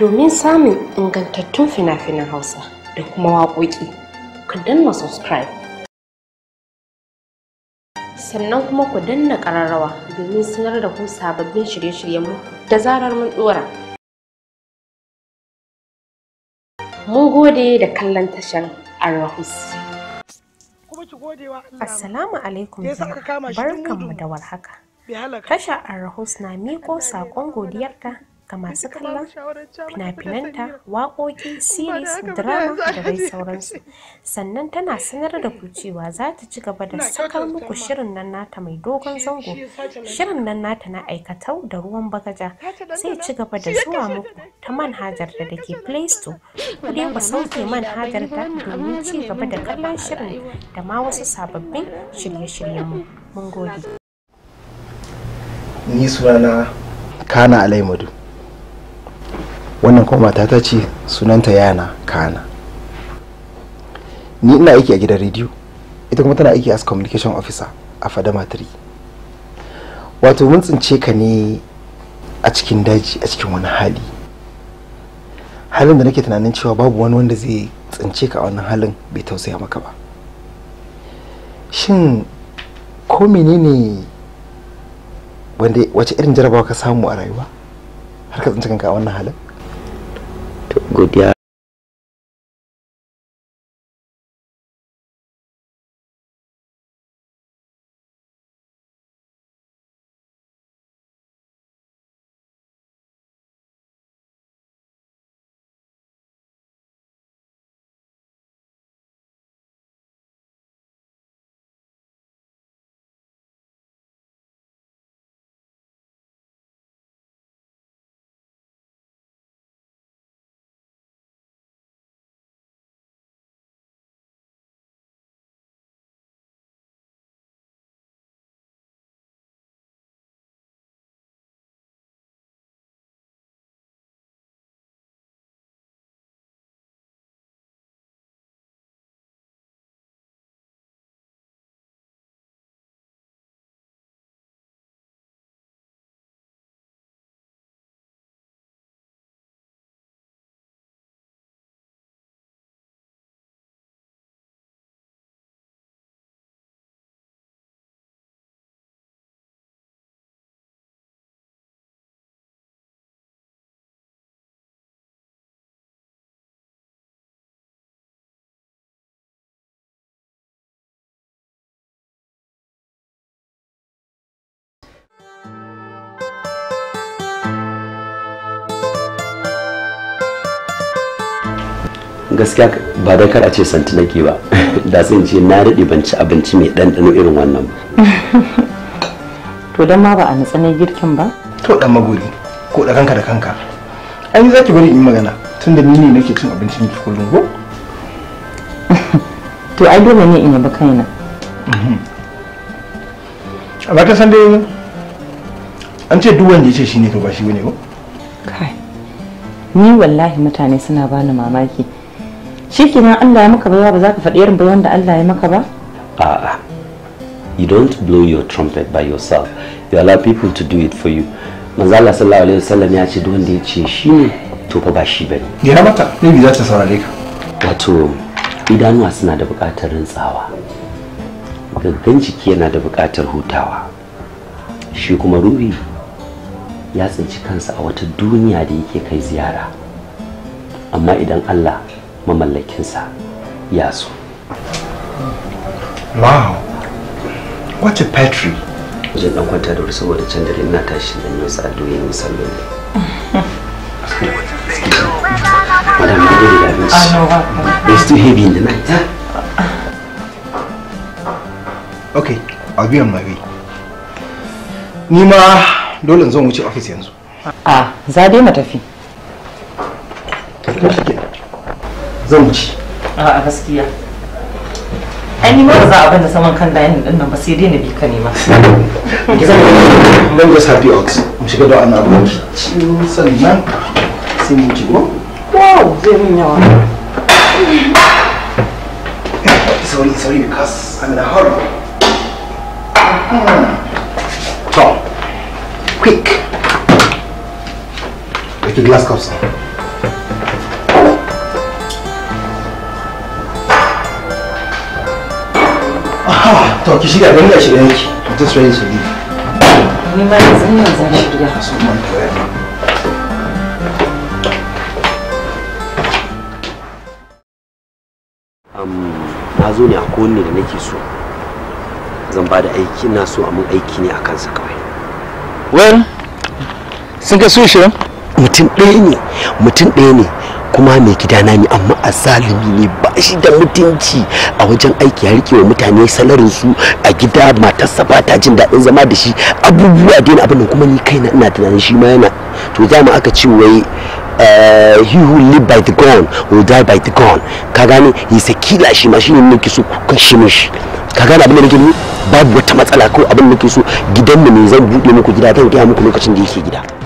domin samun ingantattun fina-finan Hausa da kuma waƙoƙi, ku danna subscribe. Sannan kuma ku danna ƙararrawa domin sanar da ku sababbin shirye-shiryenmu da zarar mun ɗora. Mun gode da kallon tashar Arahus. Assalamu alaikum barkanmu da warhaka. Tasha Arahus na miƙo saƙon godiyarta kamar masu kallon fina-finanta waƙoƙi series drama da dai sauransu sannan tana sanar da ku cewa za ta ci gaba da sakar muku shirin nan nata mai dogon zango shirin nan nata na aikatau da ruwan bagaja sai ci gaba da zuwa muku ta manhajar da dake play store ku ku sauke manhajar ta domin ci gaba da kallon shirin da ma wasu sababbin shirye-shiryenmu mun gode ni sunana kana alaimadu wannan kuma mata ta ce sunanta yana kana ni ina aiki a gidan rediyo ita kuma tana aiki as communication officer a fadama 3 wato mun tsince ka ne a cikin daji a cikin wani hali halin da nake tunanin cewa babu wani wanda zai tsince ka a wannan halin bai tausaya maka ba shin ko menene wanda wace irin jarabawa ka samu a rayuwa har ka tsinci kanka a wannan halin Good. Godia gaskiya ba dai kar a ce santi nake ba da sai in ce na daɗe ban ci abinci mai ɗanɗano irin wannan to dan ma ba a natsa ne girkin ba to dan magori ko da kanka da kanka an yi zaki bari in magana tunda ni ne nake cin abincin ne kullum ko to ai dole ne in ba kaina mhm. amma ka san dai an ce duk wanda ya ce shine to ba shi bane ko kai ni wallahi mutane suna bani mamaki na Allah ya maka baya ba za ka faɗi irin bayan da Allah ya maka ba a'a you don't blow your trumpet by yourself you allow people to do it for you manzo Allah sallallahu alaihi wasallam ya ce duk wanda ya ce shi ne to fa ba shi bane Ya mata ne bi za ta saurare ka wato idanuwa suna da buƙatar rintsawa gangan jiki yana da buƙatar hutawa shi kuma ruhi ya tsinci kansa a wata duniya da yake kai ziyara amma idan Allah mamallakinsa ya so wow what a petri wajen ɗan kwanta da wuri saboda can dare ina tashi da yi wasu addu'o'i na musamman madam da dare da abinci it's too heavy in the night huh? okay i'll be on my way ni ma dole zan wuce ofis yanzu a ah, za dai mu tafi zan wuce a gaskiya an yi mara za a banda saman kan da din dinnan ba sai dai na bi ka nema zan just happy ox. mu shiga da wannan abu sannan sai mu ci ko wow zai mun yawa sorry sorry because I'm in a hurry hmm. Tom, quick. Take the glass cup, sir. Aha to ki shiga ganin da shiga yake ta tsaye su ne ni ma yanzu ne zan shiga su mun koyar na zo ne a kowanne da nake so zan ba da aiki na so a mun aiki ne a kansa kawai well sun ga so shirin mutum ɗaya ne mutum ɗaya ne kuma mai gida na ne amma a zalimi ne ba shi da mutunci a wajen aiki ya rike wa mutane salarin a gida matarsa ba ta jin daɗin zama da shi abubuwa da yana abin kuma ni na ina tunanin shi ma yana to za mu aka ce wai eh, he who live by the gun will die by the gun ka gane yi sakila shi ma shi ne nake so kuka shi mishi ka gane abin da nake babu wata matsala ko abin da nake so gidanmu ne zan buɗe muku gida zan gaya muku lokacin da yake gida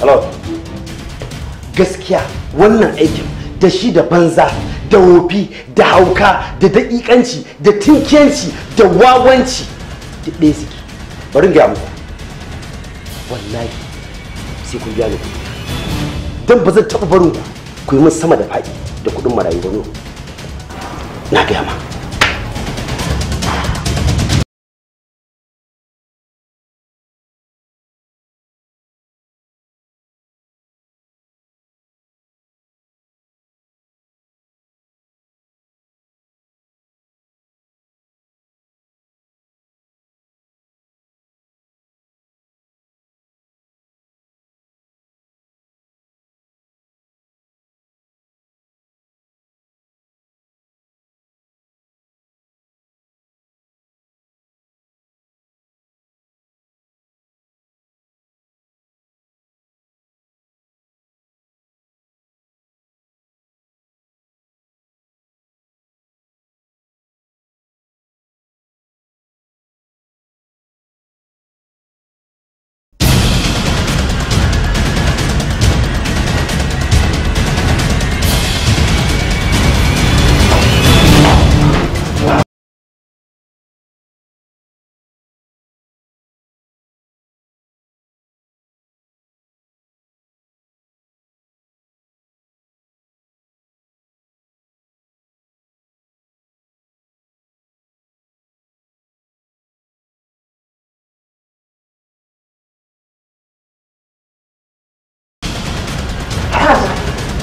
hello gaskiya wannan aikin da shi da banza da wofi da hauka da daƙiƙanci da tinkiyanci da wawanci da ɗaya suke bari ga muku wallahi sai kun biya ni kuɗi don ba zan taɓa barin ku ku yi min sama da faɗi da kuɗin marayu ba na gaya ma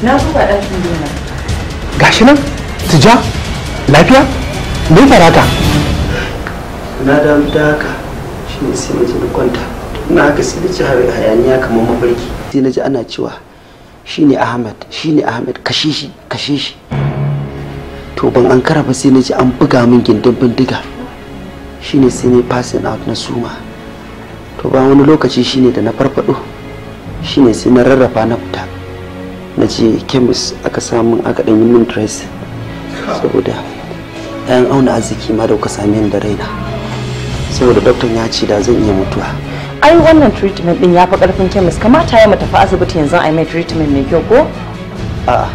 Na buga ɗakin Gashi nan, tija, lafiya, me fara ka? Na damu da haka shi ne sai na ji na kwanta. Na haka sai da ci hayaniya kamar mafarki. Sai na ji ana cewa shi ne Ahmad, shi ne Ahmad, kashe shi, kashe shi. To ban an kara ba sai na ji an buga min gindin bindiga. Shi ne sai ne passing out na suma. To ba wani lokaci shi ne da na farfado. Shi ne sai na rarrafa na fita. na ce kemis aka samun aka yi min dress saboda ɗayan auna arziki ma da kuka same ni da raina saboda doktor ya ce da zan iya mutuwa ai wannan treatment din ya fi karfin kemis kamata ya mu tafi asibiti yanzu a mai treatment mai kyau ko a'a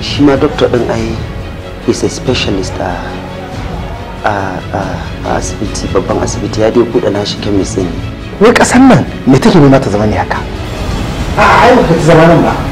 shi ma doctor din ai is a specialist a a asibiti babban asibiti ya dai buɗe nashi kemis din wai ƙasar nan me take nuna ta zama ne haka a'a ai ba ta zama nan ba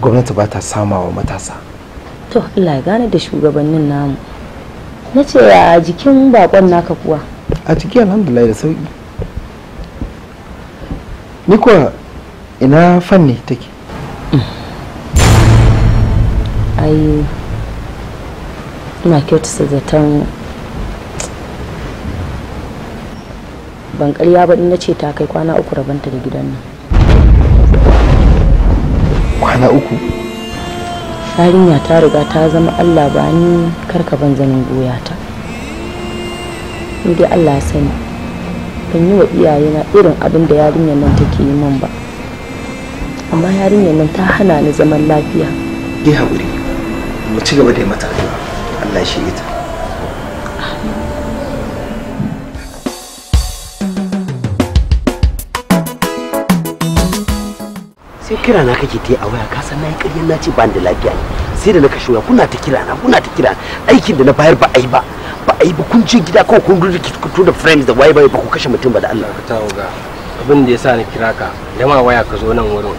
gwamnati ba ta sama wa matasa to Allah ya gane da shugabannin namu na ce a jikin bakon naka kuwa a cikin alhamdulillah da sauki ni kuwa ina fanni take ai ina kyautata zaton ban karya ba na ce ta kai kwana uku rabanta da gidan nan kwana uku yarinya ta riga ta zama allah ba ni karka ban zanen goyata dai allah sani ban yi wa iyaye na irin abin da yarinyar nan take yi min ba amma yarinyar nan ta hana ni zaman lafiya ki haƙuri mu ci gaba da mata allah shi ita sai kira na kake ta a waya ka san na yi ƙarya na ce ba da lafiya ne sai da na kashe waya kuna ta kira na kuna ta kira aikin da na bayar ba a yi ba ba a yi ba kun je gida kawai kun rikito da friends" da waye ba ku kashe mutum ba da Allah ka tawo ga abin da yasa na kira ka da ma waya ka zo nan wurin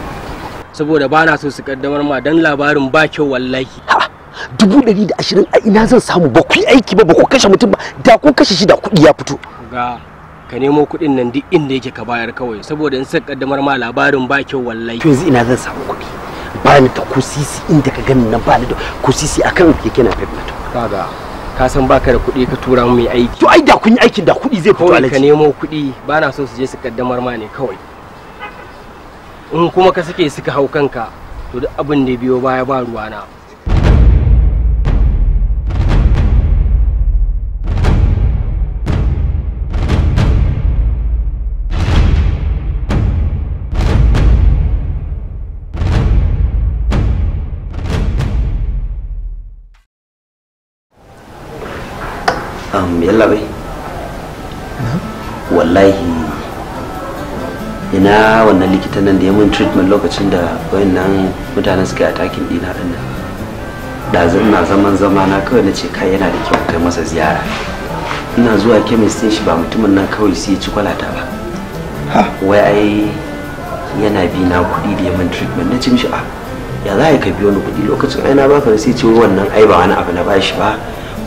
saboda ba na so su kaddamar ma dan labarin ba kyau wallahi ha dubu ɗari da ashirin a ina zan samu ba ku yi aiki ba ba ku kashe mutum ba da kun kashe shi da kuɗi ya fito ga ka nemo kuɗin nan duk inda yake ka bayar kawai saboda in suka kaddamar ma labarin ba kyau wallahi to yanzu ina zan samu kuɗi ba ni ta kusisi inda ka gani nan ba ni da kusisi akan keke na fitna kaga ka san baka da kuɗi ka tura mu mai aiki to ai da kun yi aikin da kuɗi zai fito alaji ka nemo kuɗi ba na so su je su kaddamar ma ne kawai in kuma ka sake suka hau kanka to duk abin da biyo baya ba ruwana um, yalla bai wallahi ina wannan likitan nan da ya mun treatment lokacin da wayannan mutanen suka atakin dina din nan ɗazin na zaman zama na kawai na ce kai yana da kyau kai masa ziyara ina zuwa chemist shi ba mutumin nan kawai sai ya ci kwalata ba wai ai yana bi na kuɗi da yamin treatment na ce mishi a ah, ya za ka biyo ni kuɗi lokacin ai na baka sai ce wannan ai ba wani abu na ba shi ba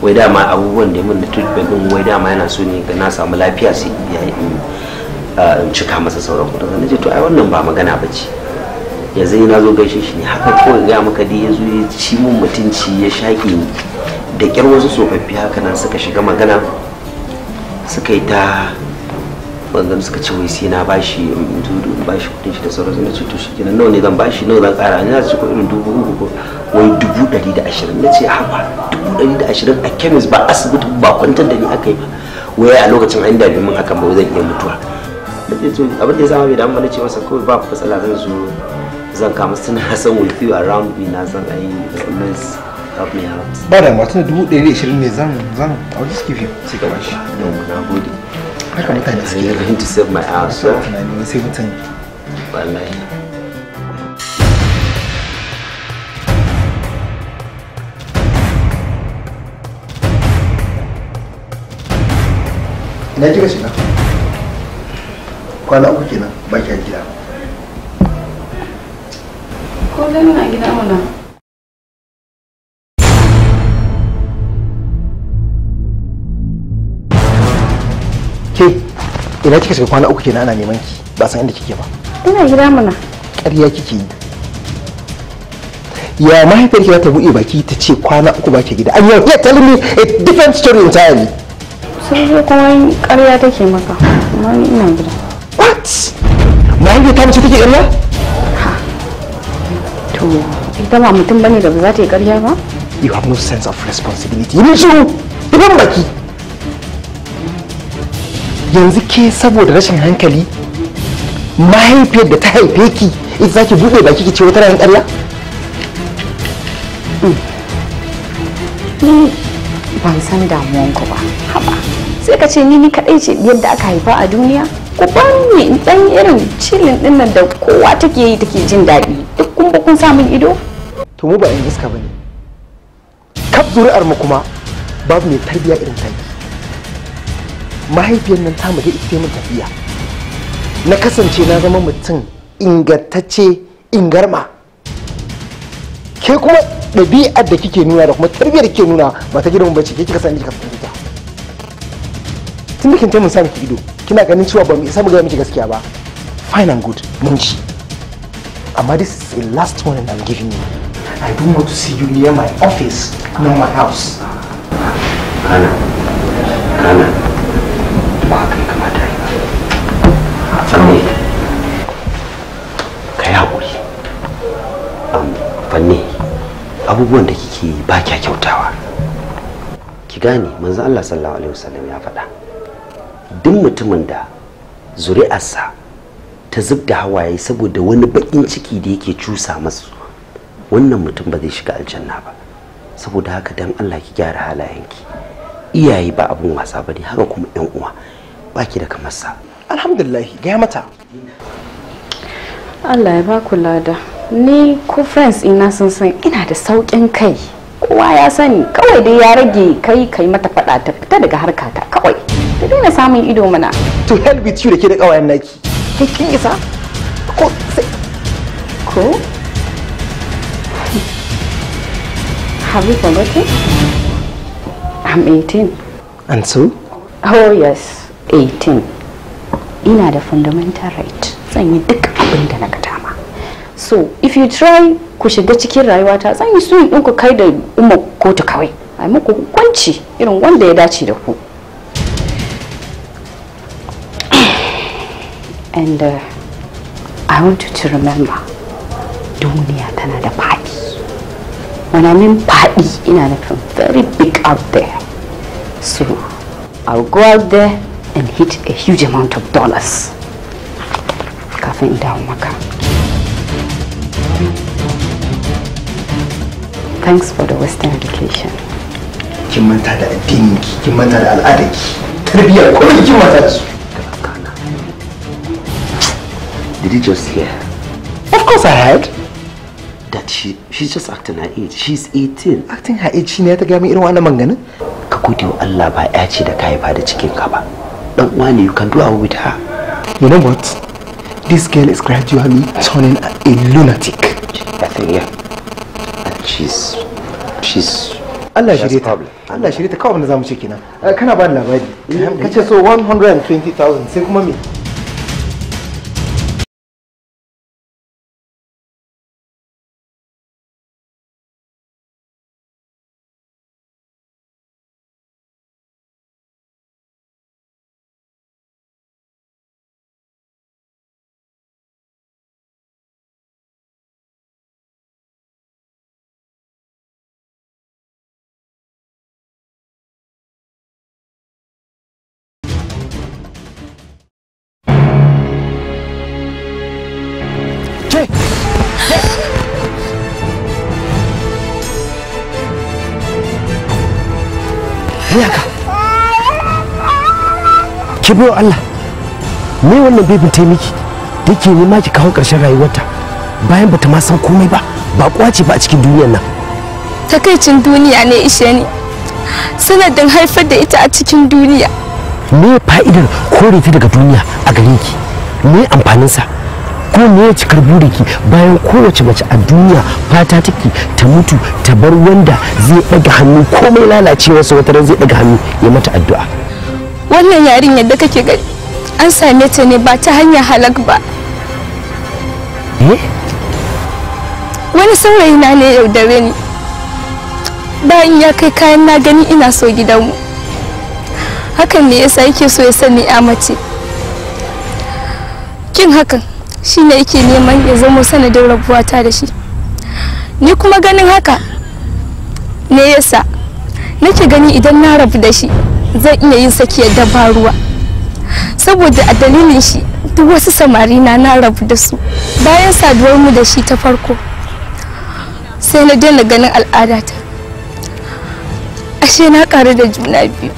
wai dama abubuwan da ya mun na treatment din wai dama yana so ne ga na samu lafiya sai ya yi uh, in cika masa sauran kudin na ce to ai wannan ba magana ba ce yanzu na zo gaishe shi ne haka kawai ga maka dai ya zo ya ci mun mutunci ya shaƙi ni da ƙyar wasu tsofaffi haka nan suka shiga magana suka yi ta wanda suka ce wai sai na bashi in dudu bashi kudin shi da sauran na ce to shi kenan nawa ne zan bashi nawa zan kara ina na ce ko irin dubu uku ko wai dubu ɗari da ashirin na ce haba dubu ɗari da ashirin a kemis ba asibiti ba kwantar da ni aka yi ba wai a lokacin an dami min hakan ba zan iya mutuwa to abin da ya sama bai damu na ce masa kawai ba matsala zan zo zan kama na san with you around me na san ayi always help me out ba da matan dubu ɗari da ashirin ne zan zan a wajen skifi sai ka bashi yau na gode haka mutane suke yi going to save my ass. so tunani wai sai wallahi ina kika shiga kwana uku kenan gida ko a gida mana ina kika shiga kwana uku kenan ana neman ki ba san inda kike ba ina gida mana ƙarya kike yi ya mahaifiyar ki za ta buɗe baki ta ce kwana uku ba ke gida and you're telling me a different story entirely sai dai kuma ƙarya take maka amma ni ina gida what mahaifiyar ta mace take ƙarya to ita ba mutum bane da ba za ta yi ƙarya ba you have no sense of responsibility you need to ki baki yanzu ke saboda rashin hankali mahaifiyar da ta haife ki ita za ki buɗe baki ki ce wata ran ƙarya? Mm. ni ban san damuwanku ba haba sai ka ce ni ni kaɗai ce yadda aka haifa a duniya ku ba in ɗan irin cilin ɗin nan da kowa take yi take jin daɗi duk kun ba kun samun ido? to mu ba in iska ba ne kaf zuri'ar mu kuma babu mai tarbiyya irin kai. mahaifiyar nan ta mu da ita mun tafiya na kasance na zama mutum ingantacce ingarma ke kuma ɗabi'ar da kike nuna da kuma tarbiyyar da kike nuna ba ta gidan bace ke kika sani kika san ta tun da kin mun sa miki ido kina ganin cewa ba mu isa mu ga miki gaskiya ba fine and good mun ci amma this is the last one I'm giving you I don't want to see you near my office nor my house Kana, fanni abubuwan da kike yi ba kya kyautawa ki gane manzo Allah sallallahu alaihi wasallam ya faɗa duk mutumin da zuri'arsa ta zubda hawaye saboda wani baƙin ciki da yake cusa masu wannan mutum ba zai shiga aljanna ba saboda haka dan Allah ki gyara halayenki iyaye ba abun wasa ba ne haka kuma yan uwa ba ki da kamar sa alhamdulillah gaya mata Allah ya ba ku lada ni ko friends ina sun san ina da sauƙin kai kowa ya sani kawai dai ya rage kai kai mata fada ta fita daga harkata kawai ta daina samun ido mana to help with you da ke da kawayen naki kai kin isa ko sai ko have you forgotten i'm 18 and so oh yes 18 ina da fundamental right zan yi duk so if you try ku shiga cikin ta zan yi su ɗin ku kai da umar kotu kawai a muku hukunci irin wanda ya dace da ku and uh, i want you to remember duniya tana da faɗi when i mean faɗi ina nufin very big out there so i'll go out there and hit a huge amount of dollars kafin in dawo maka Thanks for the Western education. Kin manta da ki kin manta da al'adarki, tarbiyyar kullum kin manta da su. Did you just hear? Of course I heard. That she she's just acting her age. She's 18. Acting her age shine ta ga min irin wannan maganganun? Ka gode wa Allah ba ya ce da ka haifa da cikin ka ba. Dan uwa you can do away with her. You know what? This girl is gradually turning a lunatic. Allah shirye ta Allah shirye ta kawai abin zamu ce kenan eh, kana ba ni labari eh, kace eh. so 120,000 sai kuma me ki biyo Allah me wannan bibin ta miki da ke ma ki kawo karshen rayuwarta bayan bata ma san komai ba ba ce ba a cikin duniyar nan takaicin duniya ne ishe ne sanadin haifar da ita a cikin duniya me fa'idar kore ta daga duniya a gare ki me amfaninsa ko me ya cikar ki bayan kowace mace a duniya fata take ta mutu ta bar wanda zai ɗaga hannu komai lalacewa wata ran zai ɗaga hannu ya mata addu'a wannan yarinyar da kake gani an same ta ne ba ta hanyar halak ba wani saurayi na ne yaudare ni bayan ya kai kayan na gani ina so gidanmu hakan ne yasa yake so ya sani a mace kin hakan shine yake neman ya zama sanadin rabuwata da shi ni kuma ganin haka ne yasa nake gani idan na rabu da shi zan iya yin sakiyar da ruwa saboda a dalilin shi duk wasu samari na na rabu da su bayan saduwar mu da shi ta farko sai na daina ganin al'adata ashe na karu da juna biyu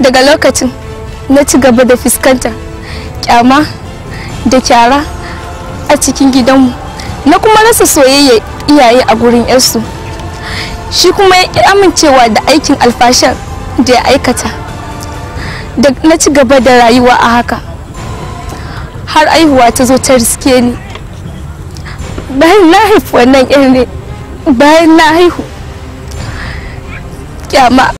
daga lokacin na ci gaba da fuskanta kyama da kyara a cikin gidanmu na kuma rasa soyayya iyaye a gurin yarsu shi kuma ya amincewa da aikin alfashan da ya aikata da na ci gaba da rayuwa a haka har aihuwa ta zo ta riske ni bayan na haifi wannan irin ne bayan na haihu kyama